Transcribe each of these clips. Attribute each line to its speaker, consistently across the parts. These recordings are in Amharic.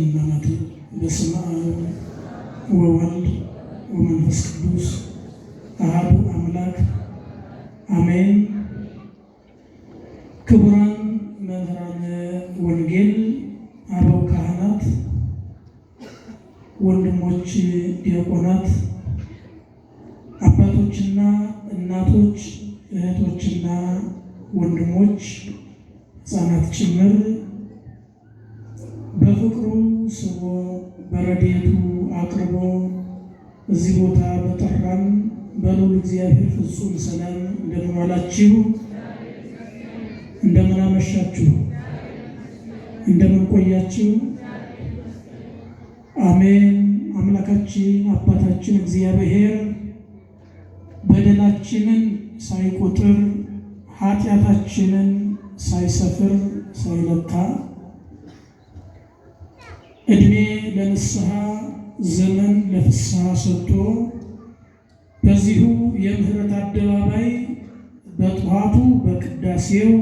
Speaker 1: እናቱ በስመ አብ ወወልድ ወመንፈስ ቅዱስ አሐዱ አምላክ አሜን። ክቡራን መምህራነ ወንጌል፣ አበው ካህናት፣ ወንድሞች ዲያቆናት፣ አባቶችና እናቶች፣ እህቶችና ወንድሞች፣ ህፃናት ጭምር እዚህ ቦታ በጠራን በሉል እግዚአብሔር ፍጹም ሰላም እንደምን ዋላችሁ? እንደምን አመሻችሁ? እንደምን ቆያችሁ? አሜን። አምላካችን አባታችን እግዚአብሔር በደላችንን ሳይቆጥር ኃጢአታችንን ሳይሰፍር ሳይለካ እድሜ ለንስሐ ዘመን ለፍስሐ ሰጥቶ በዚሁ የምህረት አደባባይ በጠዋቱ በቅዳሴው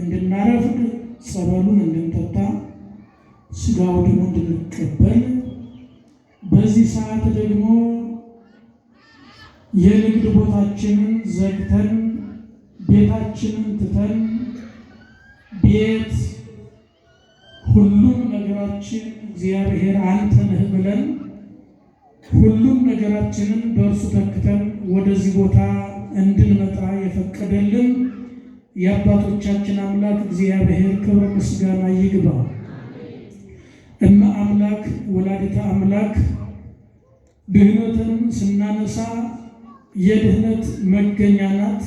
Speaker 1: እንድናረፍድ ጸበሉን እንድንጠጣ ስጋው ደግሞ እንድንቀበል በዚህ ሰዓት ደግሞ የንግድ ቦታችንን ዘግተን ቤታችንን ትተን ቤት ነገራችን እግዚአብሔር አንተ ነህ ብለን ሁሉም ነገራችንን በእርሱ ተክተን ወደዚህ ቦታ እንድንመጣ የፈቀደልን የአባቶቻችን አምላክ እግዚአብሔር ክብረ ምስጋና ይግባ። እመ አምላክ ወላዲተ አምላክ ድህነትን ስናነሳ የድህነት መገኛ ናት።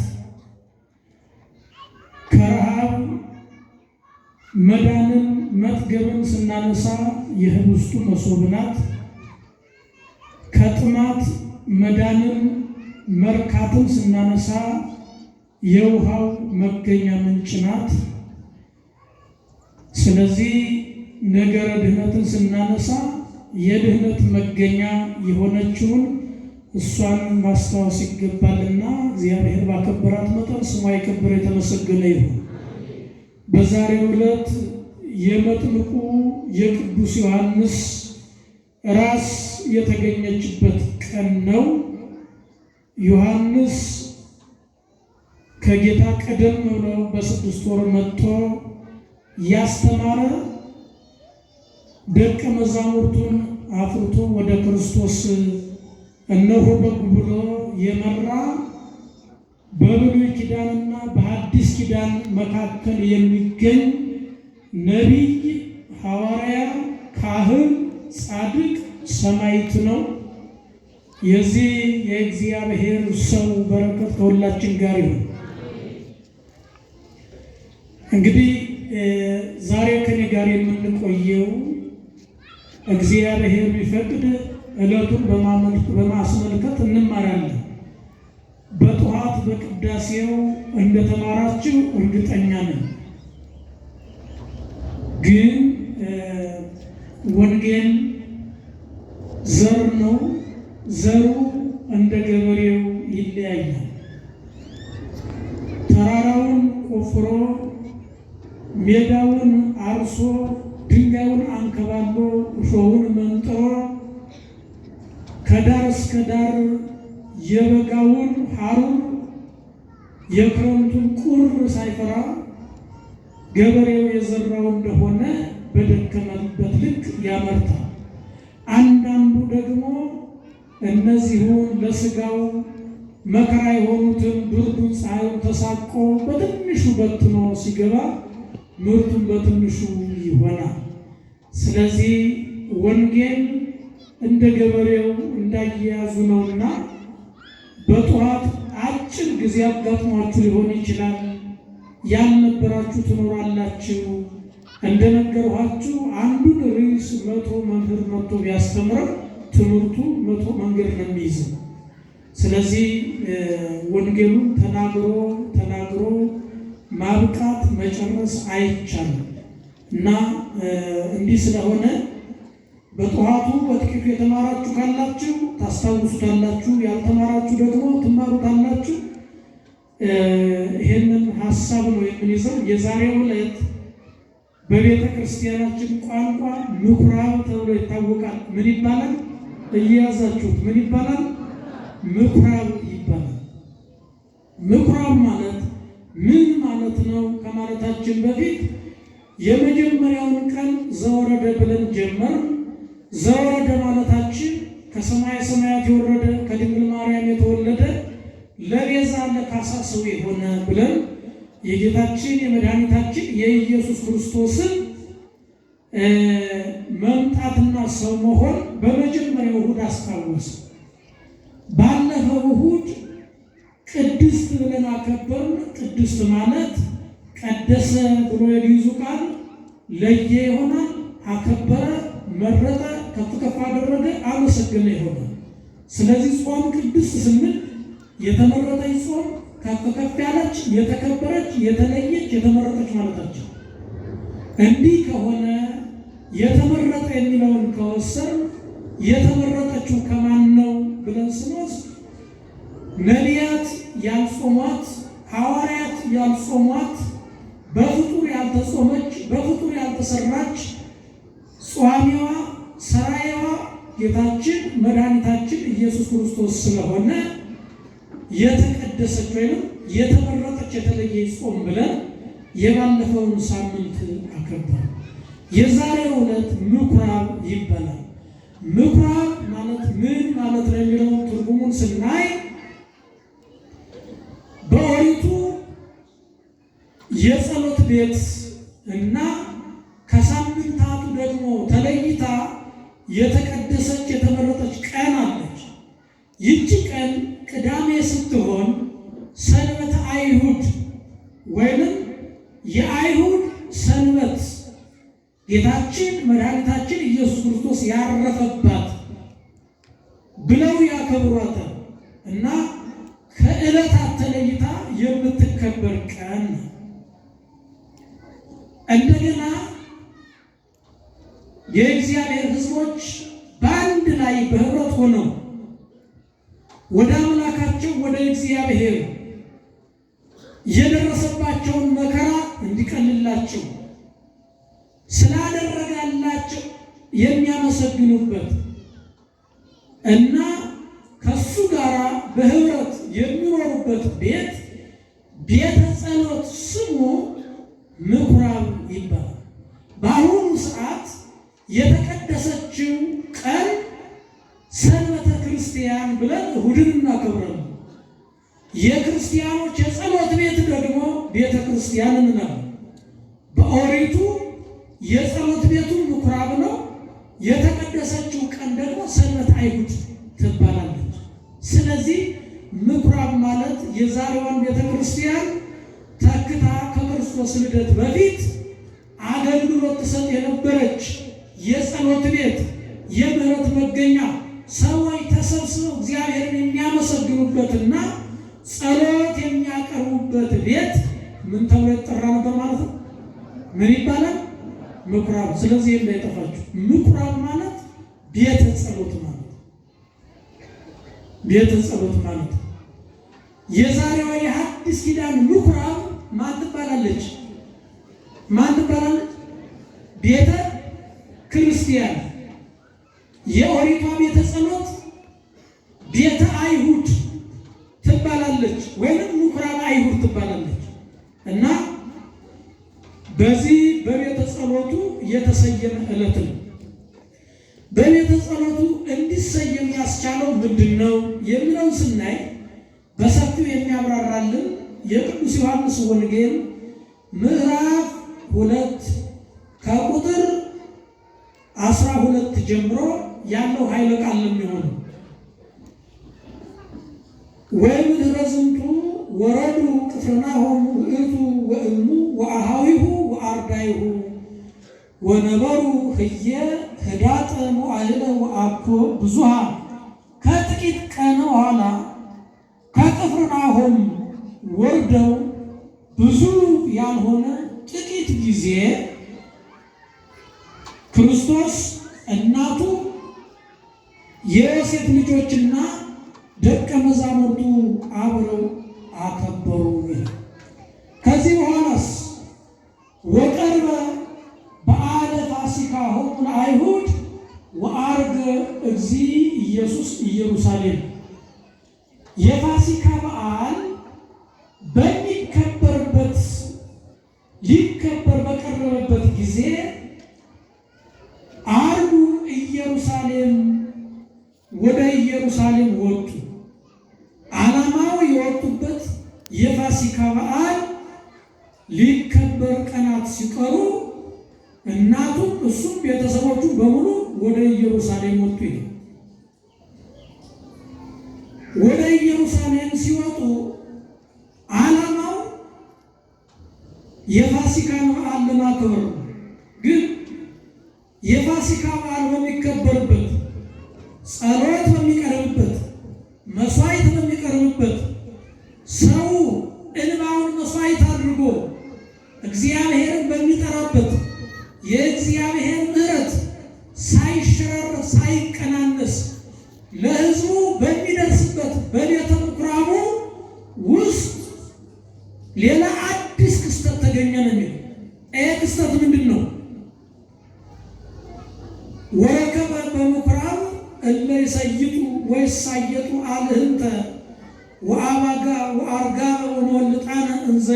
Speaker 1: ከረሃብ መዳንን መጥገብን ስናነሳ የህብስቱ መሶብ ናት። ከጥማት መዳንን መርካትን ስናነሳ የውሃው መገኛ ምንጭ ናት። ስለዚህ ነገረ ድህነትን ስናነሳ የድህነት መገኛ የሆነችውን እሷን ማስታወስ ይገባልና እግዚአብሔር ባከበራት መጠን ስሟ የከበረ የተመሰገነ ይሁን። በዛሬው ዕለት የመጥምቁ የቅዱስ ዮሐንስ ራስ የተገኘችበት ቀን ነው። ዮሐንስ ከጌታ ቀደም ብሎ በስድስት ወር መጥቶ ያስተማረ ደቀ መዛሙርቱን አፍርቶ ወደ ክርስቶስ እነሆ በጉ ብሎ የመራ በብሉይ ኪዳንና በሐዲስ ኪዳን መካከል የሚገኝ ነቢይ፣ ሐዋርያ፣ ካህን፣ ጻድቅ፣ ሰማይት ነው። የዚህ የእግዚአብሔር ሰው በረከት ከሁላችን ጋር ይሁን። እንግዲህ ዛሬ ከኔ ጋር የምንቆየው እግዚአብሔር ቢፈቅድ ዕለቱን በማስመልከት እንማራለን። በጠዋት በቅዳሴው እንደተማራችሁ እርግጠኛ ነን። ግን ወንጌል ዘር ነው። ዘሩ እንደ ገበሬው ይለያያል። ተራራውን ቆፍሮ ሜዳውን አርሶ ድንጋዩን አንከባሎ እሾሁን መንጥሮ ከዳር እስከ ዳር የበጋውን ሐሩር የክረምቱን ቁር ሳይፈራ ገበሬው የዘራው እንደሆነ በደከመበት ልክ ያመርታል። አንዳንዱ ደግሞ እነዚሁን ለስጋው መከራ የሆኑትን ብርዱን፣ ፀሐዩን ተሳቆ በትንሹ በትኖ ሲገባ ምርቱን በትንሹ ይሆናል። ስለዚህ ወንጌል እንደ ገበሬው እንዳያያዙ ነውና በጠዋት አጭር ጊዜ አጋጥሟችሁ ሊሆን ይችላል ያልነበራችሁ ትኖራላችሁ። እንደነገርኋችሁ አንዱን ርዕስ መቶ መምህር መቶ ቢያስተምረው ትምህርቱ መቶ መንገድ ነው የሚይዘው። ስለዚህ ወንጌሉን ተናግሮ ተናግሮ ማብቃት መጨረስ አይቻልም እና እንዲህ ስለሆነ በጠዋቱ በጥቂቱ የተማራችሁ ካላችሁ ታስታውሱታላችሁ፣ ያልተማራችሁ ደግሞ ትማሩታላችሁ። ይህንን ሀሳብ ነው የምንይዘው። የዛሬው ዕለት በቤተ ክርስቲያናችን ቋንቋ ምኩራብ ተብሎ ይታወቃል። ምን ይባላል? እየያዛችሁት ምን ይባላል? ምኩራብ ይባላል። ምኩራብ ማለት ምን ማለት ነው ከማለታችን በፊት የመጀመሪያውን ቀን ዘወረደ ብለን ጀመር። ዘወረደ ማለታችን ከሰማየ ሰማያት የወረደ ከድንግል ማርያም የተወለደ ለካሳ ሰው የሆነ ብለን የጌታችን የመድኃኒታችን የኢየሱስ ክርስቶስን መምጣትና ሰው መሆን በመጀመሪያው እሑድ አስታወሰ። ባለፈው እሑድ ቅድስት ብለን አከበርን። ቅድስት ማለት ቀደሰ ብሎ የግዕዙ ቃል ለየ የሆነ አከበረ፣ መረጠ፣ ከፍ ከፍ አደረገ፣ አመሰገነ የሆነ ስለዚህ ጾም ቅድስት ስንል የተመረጠች ጾም ከፍ ከፍ ያለች የተከበረች የተለየች የተመረጠች ማለታቸው። እንዲህ ከሆነ የተመረጠ የሚለውን ከወሰን የተመረጠችው ከማን ነው ብለን ስንወስድ ነቢያት ያልጾሟት፣ ሐዋርያት ያልጾሟት፣ በፍጡር ያልተጾመች፣ በፍጡር ያልተሰራች ጿሚዋ ሰራየዋ ጌታችን መድኃኒታችን ኢየሱስ ክርስቶስ ስለሆነ የተቀደሰች ወይም የተመረጠች የተለየ ጾም ብለን የባለፈውን ሳምንት አከበር። የዛሬው ዕለት ምኩራብ ይባላል። ምኩራብ ማለት ምን ማለት ነው የሚለው ትርጉሙን ስናይ በኦሪቱ የጸሎት ቤት እና ከሳምንታቱ ደግሞ ተለይታ የተቀደሰች የተመረጠች ቀን አለች። ይቺ ቀን ቅዳሜ ስትሆን ሰንበት አይሁድ ወይንም የአይሁድ ሰንበት ጌታችን መድኃኒታችን ኢየሱስ ክርስቶስ ያረፈባት ብለው ያከብሯታል እና ከዕለታት ተለይታ የምትከበር ቀን እንደገና የእግዚአብሔር ሕዝቦች በአንድ ላይ በህብረት ሆነው ወደ ወደ እግዚአብሔር የደረሰባቸውን መከራ እንዲቀልላቸው ስላደረጋላቸው የሚያመሰግኑበት እና ከሱ ጋር በህብረት የሚኖሩበት ቤት ቤተ ጸሎት ስሙ ምኩራብ ይባላል። በአሁኑ ሰዓት የተቀደሰችው ቀን ሰንበተ ክርስቲያን ብለን እሑድን እናከብራለን። የክርስቲያኖች የጸሎት ቤት ደግሞ ቤተ ክርስቲያን ነው። በኦሪቱ የጸሎት ቤቱ ምኩራብ ነው። የተቀደሰችው ቀን ደግሞ ሰንበት አይሁድ ትባላለች። ስለዚህ ምኩራብ ማለት የዛሬዋን ቤተ ክርስቲያን ተክታ ከክርስቶስ ልደት በፊት አገልግሎት ትሰጥ የነበረች የጸሎት ቤት፣ የምህረት መገኛ፣ ሰዎች ተሰብስበው እግዚአብሔርን የሚያመሰግኑበትና ጸሎት የሚያቀርቡበት ቤት ምን ተብሎ የተጠራ ነበር ማለት ነው? ምን ይባላል? ምኩራብ። ስለዚህ እንዳይጠፋችሁ ምኩራብ ማለት ቤተ ጸሎት ማለት ቤተ ጸሎት ማለት የዛሬዋ የሐዲስ ኪዳን ምኩራብ ማን ትባላለች? ማን ትባላለች? ቤተ ክርስቲያን ጸሎቱ የተሰየመ ዕለት ነው። በቤተ ጸሎቱ እንዲሰየም ያስቻለው ምንድን ነው የሚለው ስናይ በሰፊው የሚያብራራልን የቅዱስ ዮሐንስ ወንጌል ምዕራፍ ሁለት ከቁጥር አስራ ሁለት ጀምሮ ያለው ኃይለ ቃል የሚሆን ወይም ድረዝንቱ ወረዱ ቅፍርናሆም ውእቱ ወእሙ ወአሃዊሁ ወአርዳይሁ ወነበሩ ህየ ህዳጠ መዋዕለ ወአኮ ብዙሃ ከጥቂት ቀን በኋላ ከቅፍርናሆም ወርደው ብዙ ያልሆነ ጥቂት ጊዜ ክርስቶስ እናቱ የሴት ልጆችና ደቀ መዛሙርቱ አብረው አከበሩ። ከዚህ በኋላስ ወቀር እግዚ ኢየሱስ ኢየሩሳሌም የፋሲካ በዓል በሚከበርበት ሊከበር በቀረበበት ጊዜ አሉ ኢየሩሳሌም ወደ ኢየሩሳሌም ወጡ። ዓላማው የወጡበት የፋሲካ በዓል ሊከበር ቀናት ሲቀሩ እናቱም እሱም ቤተሰቦቹ በሙሉ ወደ ኢየሩሳሌም ወጡ ይላል። ወደ ኢየሩሳሌም ሲወጡ ዓላማው የፋሲካ በዓል ለማክበር ግን የፋሲካ በዓል በሚከበርበት፣ ጸሎት በሚቀርብበት፣ መስዋዕት በሚቀርብበት ሰው እንባውን መስዋዕት አድርጎ እግዚአብሔርን በሚጠራበት የእግዚአብሔር ለህዝቡ በሚደርስበት በቤተ ምኩራቡ ውስጥ ሌላ አዲስ ክስተት ተገኘ ነው የሚለው። ይሄ ክስተት ምንድን ነው? ወረከበ በምኩራብ እለ ይሰይጡ ወይሳየጡ አልህንተ ወአባጋ ወአርጋበ ወመወልጣነ እንዘ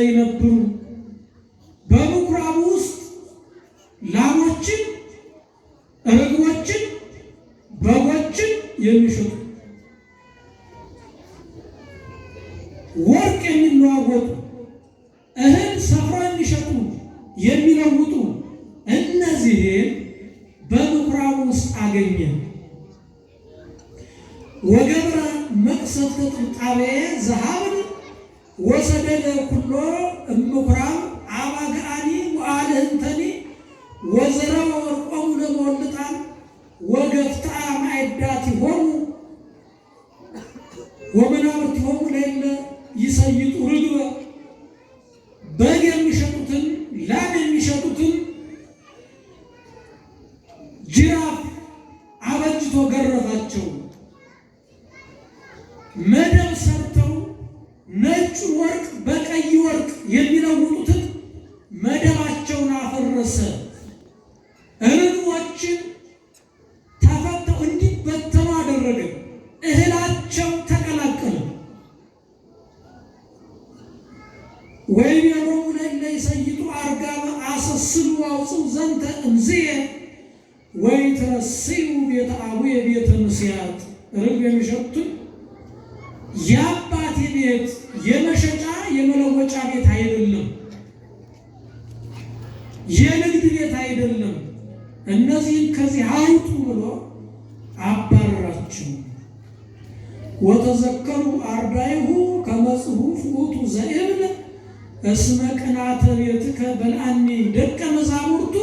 Speaker 1: ይገኛል። ወገብረ መቅሰፍተ ጥንጣቤ ዘሀብን ወሰደደ ኩሎ እምኩራብ አባገአኒ ወአልህንተኒ ወዘረው ወይቤሎሙ ላይ ሰይጡ አርጋ አሰስሉ አውፅው ዘንተ እምዝየ ወይትረስዩ ቤተ አቡየ ቤተ ምስያት ርግብ የሚሸጡትን የአባቴ ቤት የመሸጫ የመለወጫ ቤት አይደለም፣ የንግድ ቤት አይደለም፣ እነዚህን ከዚህ አውጡ ብሎ አባረራቸው። ወተዘከሩ አርዳይሁ ከመጽሁፍ ውእቱ ዘእብን እስመ ቅንዓተ ቤትከ በልዐኒ ደቀ መዛሙርቱ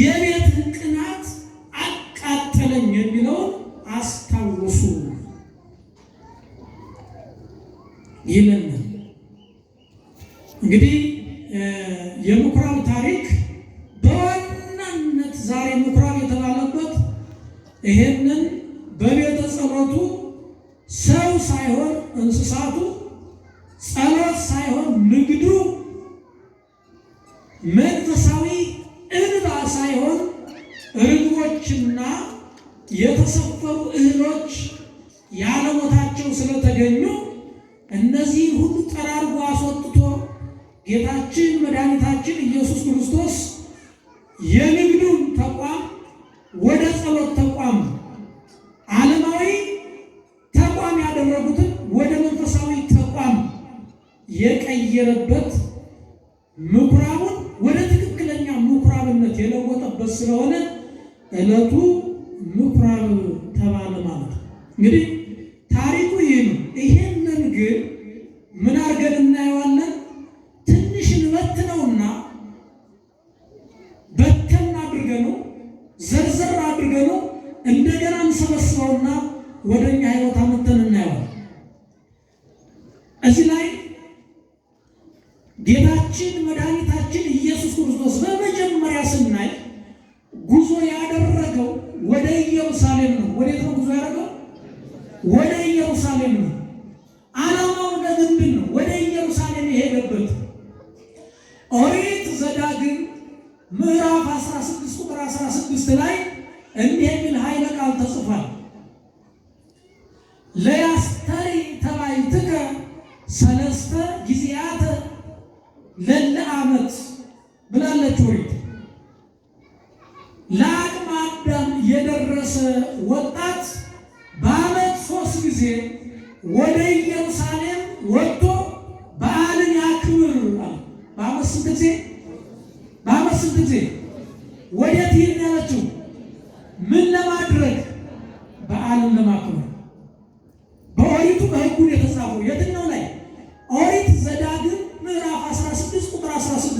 Speaker 1: የቤትህን ቅናት አቃጠለኝ የሚለውን አስታውሱ ይለን። እንግዲህ የምኩራብ ታሪክ በዋናነት ዛሬ ምኩራብ የተባለበት ይሄን የቀየረበት ምኩራቡን ወደ ትክክለኛ ምኩራብነት የለወጠበት ስለሆነ እለቱ ምኩራብ ተባለ ማለት ነው። እንግዲህ ታሪኩ ይህ ነው። ይሄንን ግን ምን አድርገን ምዕራፍ 16 ቁጥር 16 ላይ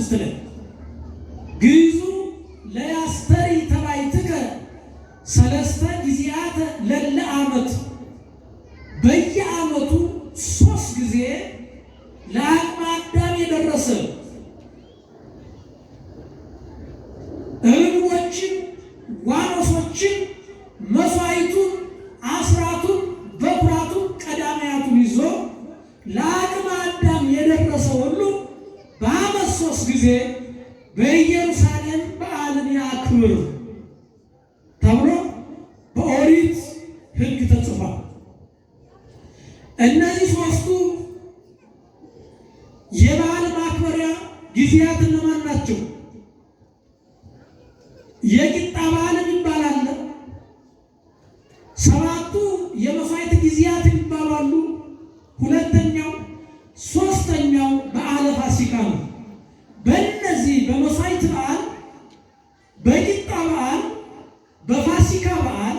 Speaker 1: മനസ്സിലായി ጊዜያት እነማን ናቸው? የቂጣ በዓል የሚባል ሰባቱ የመሥዋዕት ጊዜያት የሚባሉ አሉ። ሁለተኛው፣ ሶስተኛው በዓለ ፋሲካ ነው። በእነዚህ በመሥዋዕት በዓል፣ በቂጣ በዓል፣ በፋሲካ በዓል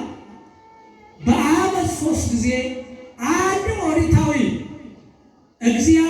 Speaker 1: በዓመት ሶስት ጊዜ አንድ ኦሪታዊ እግዚአብሔር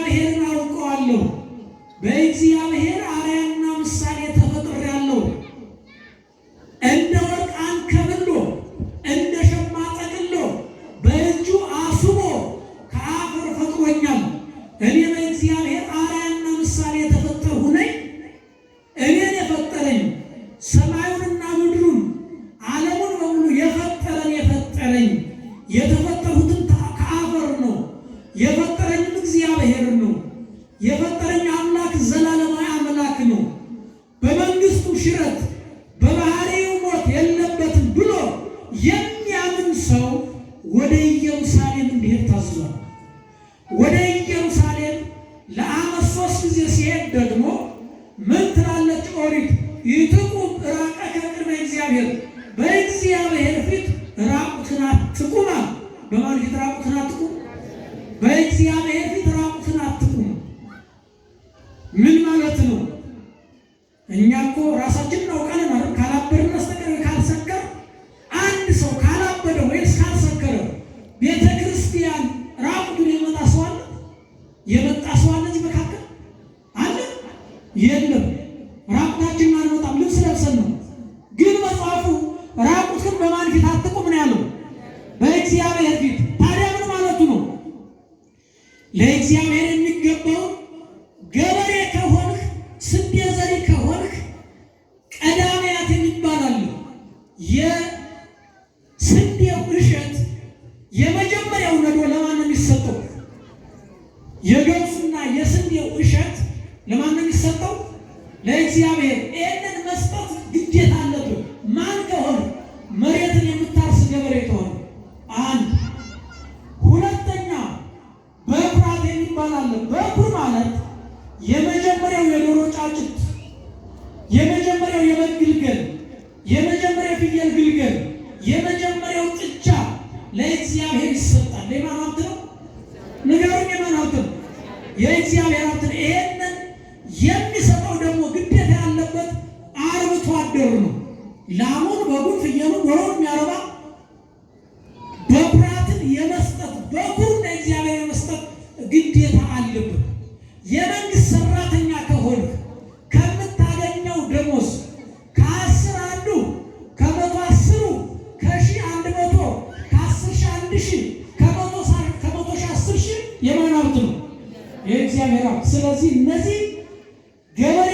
Speaker 1: ከአንድ ሺህ ከመቶ ሺ አስር ሺ የማን ሀብት ነው? የእግዚአብሔር ሀብት። ስለዚህ እነዚህ ገበሬ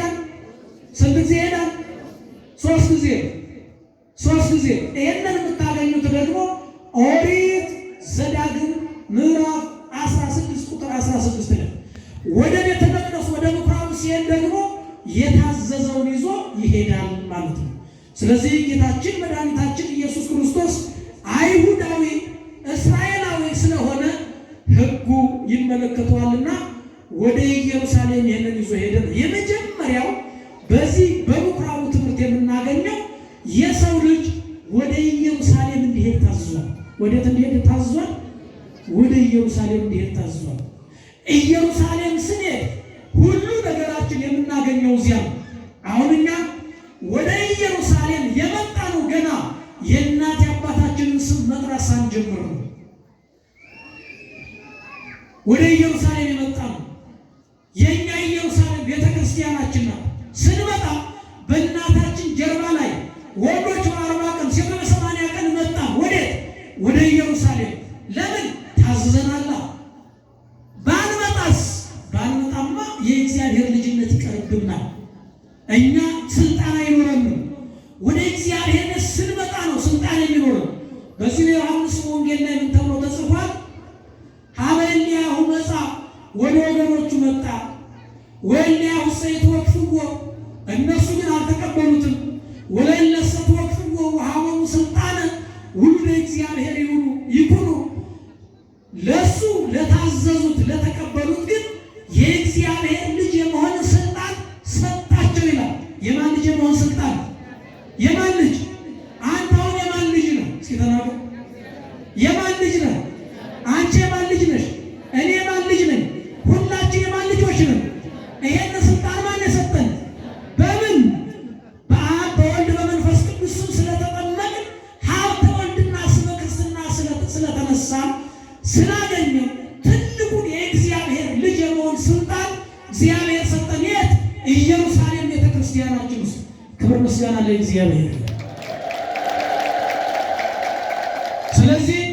Speaker 1: ይሄዳል? ስንት ጊዜ ይሄዳል? ሶስት ጊዜ ሶስት ጊዜ። ይህንን የምታገኙት ደግሞ ኦሪት ዘዳግም ምዕራፍ 16 ቁጥር 16 ላይ ወደ ቤተ መቅደስ ወደ ምኩራቡ ሲሄድ ደግሞ የታዘዘውን ይዞ ይሄዳል ማለት ነው። ስለዚህ ጌታችን መድኃኒታችን ኢየሱስ ክርስቶስ አይሁዳዊ እስራኤላዊ ስለሆነ ሕጉ ይመለከተዋልና ወደ ኢየሩሳሌም ይህንን ይዞ ሄደ ነው። ወዴት እንዲሄድ ታዟል? ወደ ኢየሩሳሌም እንዲሄድ ታዟል። ኢየሩሳሌም ስንሄድ ሁሉ ነገራችን የምናገኘው እዚያ ነው። አሁን እኛ ወደ ኢየሩሳሌም የመጣነው ገና የእናት የአባታችንን ስም መጥራት ሳንጀምር ነው። ወደ ኢየሩሳሌም ስለዚህ